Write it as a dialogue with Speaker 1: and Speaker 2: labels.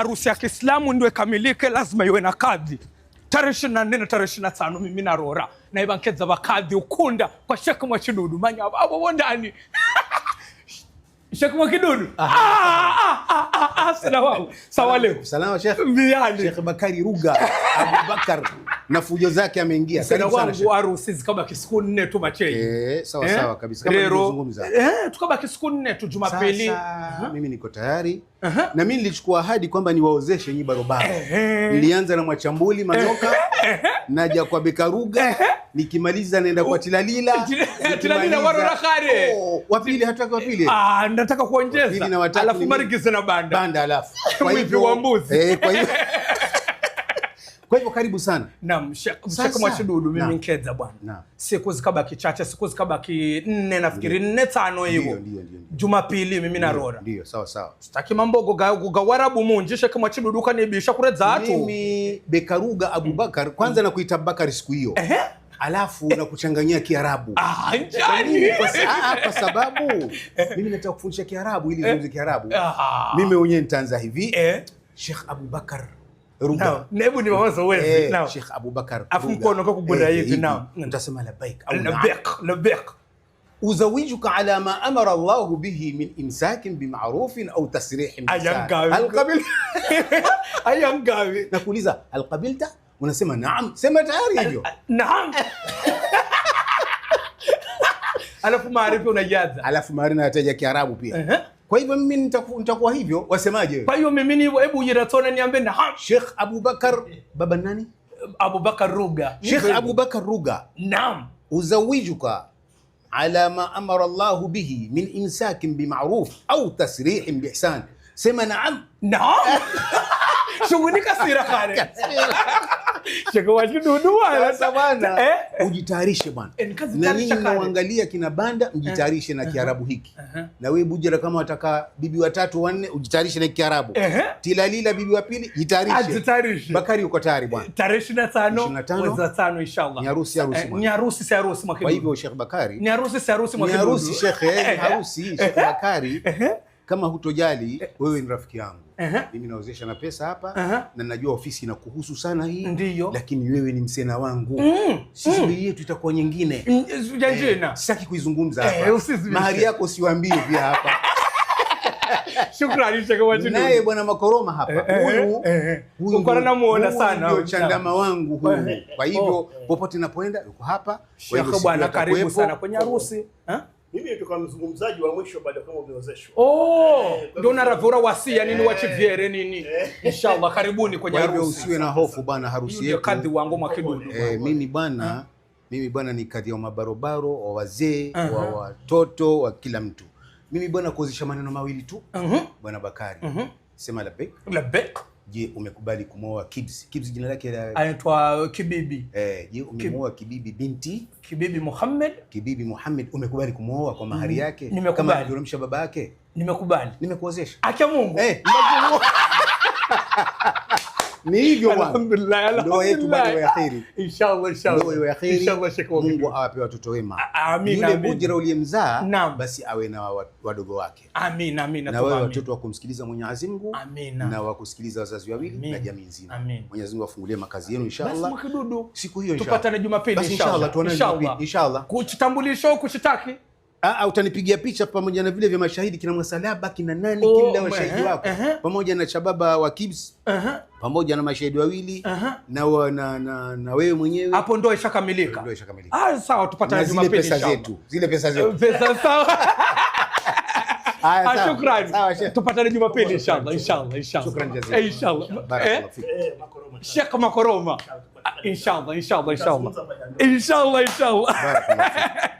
Speaker 1: Harusi ya Kiislamu ndio ikamilike, lazima iwe na kadhi. Tarehe ishirini na nne na tarehe ishirini na tano mimi narora na ivankeza vakadhi ukunda kwa Sheikh Mwachidudu manya manyavavo ndani Sheikh Mwakidudu sina wao sawa leo. salamu Sheikh. Sheikh Bakari Ruga Abubakar na fujo zake ameingia harusi zikabaki siku nne tu machei. Eh, sawa eh? sawa kabisa kama nilizungumza. Eh, tukabaki siku nne tu Jumapili. Sasa uh-huh. mimi niko tayari uh-huh. na mimi nilichukua ahadi kwamba niwaozeshe nyi barobaro. Eh, eh. Nilianza na Mwachambuli Manyoka, eh, naja kwa Bekaruga, nikimaliza naenda kwa oh. Tilalila. Tilalila waro na kare. Wa pili hataki wa pili. Ah, nataka kuongeza. Alafu marigize na banda. Banda alafu. Kwa hivyo wa mbuzi. Eh, kwa hivyo Kwa hivyo karibu sana. Naam, Sheikh Mwachidudu mimi Nkeza bwana. Siku zikabaki chache, siku zikabaki nne nafikiri nne tano hivyo. Jumapili mimi na Rora. Ndio, sawa sawa. Sitaki mambo gugawarabu munji Sheikh Mwachidudu kanibisha kureza watu. Mimi Bekaruga Abubakar mm. kwanza na kuita Bakari siku hiyo. Ehe. Alafu na kuchanganyia Kiarabu. Ah, njani. Kwa ah, sababu mimi nataka kufundisha Kiarabu ili eh. nizungumze Kiarabu. Ah. Mimi mwenyewe nitaanza hivi. Eh. Sheikh Abubakar ruga naibu ni mamansa wewe nao Sheikh Abubakar afu mkono kwa kubunda hivi nao mtasema labaik au labaik labaik أزوجك على ما أمر الله به من إمساك بمعروف أو تسريح بإحسان هل قبلت؟ أيام قابل نكوليزا هل قبلت؟ ونسمى نعم سمى تاريجو نعم alafu maarifa unajaza alafu maarifa nataja Kiarabu pia Kwa hivyo mimi nitakuwa hivyo, wasemaje? Kwa hiyo mimi ni hebu jiratona niambe na Sheikh Abubakar baba nani? Abubakar Ruga. Sheikh Abubakar Ruga. Naam. Uzawijuka ala ma amara Allah bihi min imsakin bima'ruf au tasrihin biihsan. Sema naam. Naam. Shughulika sira khare. Ujitayarishe bwana, eh? eh, na ninyi mnaangalia kina banda, mjitayarishe eh. na Kiarabu hiki. Na wewe Bujira, kama wataka bibi watatu wanne, ujitayarishe na Kiarabu. Tilalila bibi wa pili, jitayarishe. Bakari, uko tayari bwana? Tarehe 25 mwezi wa 5 inshallah. Ni harusi, harusi bwana. Ni harusi, si harusi mwaka. Kwa hivyo Sheikh Bakari, nyarusi harusi, si harusi mwaka. Ni harusi Sheikh, harusi Sheikh Bakari kama hutojali eh. wewe ni rafiki yangu mimi nawezesha na pesa hapa na najua ofisi inakuhusu sana hii ndiyo, lakini wewe ni msena wangu mm. mm. sisi bei yetu itakuwa nyingine mm. eh, sitaki kuizungumza hapa eh, mahari yako siwaambie pia hapa Shukrani naye bwana Makoroma hapa eh, huyu huyu sana ndio chandama wangu huyu. Kwa hivyo oh, popote napoenda yuko hapa. Bwana, karibu sana kwenye harusi mimi nitoka mzungumzaji wa mwisho baada kama umewezeshwa. Oh, eh, ndio wasi wasia eh. nini wachivyere eh. nini. Inshallah karibuni kwenye harusi. Usiwe na hofu bana, harusi yetu. Kadhi wangu mwakidudu. Eh, mimi bana mimi bwana ni kadhi wa mabarobaro wa wazee wa watoto wa kila mtu. Mimi bwana kuozesha maneno mawili tu. Bwana Bakari. Sema labek. Labek. Je, umekubali kumwoa Kibs? Kibs jina lake la anaitwa Kibibi. Eh, je, umemwoa Kibibi binti Kibibi Muhammad? Kibibi Muhammad umekubali kumwoa kwa mahari mm-hmm. yake Kama alivyoromsha baba yake? Nimekubali. Nimekuozesha. Acha Mungu. Eh, ni hivyo bwana. Alhamdulillah, ndoa yetu bado ya kheri, inshallah inshallah, ndoa ya kheri inshallah. Shekwa Mungu awape watoto wema, amina. Yule bujira uliyemzaa basi awe na wadogo wake, amina amina. Na wewe watoto wa kumsikiliza Mwenyezi Mungu, amina, na wa kusikiliza wazazi wawili na jamii nzima. Mwenyezi Mungu afungulie makazi yenu inshallah. Basi mkidudu siku hiyo inshallah, tupatane Jumapili inshallah, inshallah, inshallah, kuchitambulisho kuchitaki Ah, ah, utanipigia picha pamoja na vile vya mashahidi kina Mwasalaba kina nani oh, kila mashahidi wako uh -huh. pamoja na Shababa wa Kibs uh -huh. pamoja na mashahidi wawili uh -huh. na, wa, na, na, na wewe mwenyewe hapo ndio ishakamilika. ishakamilika. Ah, sawa tupata na zile pesa zetu. Zile pesa eh, zetu. Pesa sawa. Ah, shukrani. Tupatane Jumapili inshallah inshallah eh, inshallah. Inshallah. Eh, Sheikh Makoroma. Ah, inshallah inshallah inshallah. Inshallah inshallah.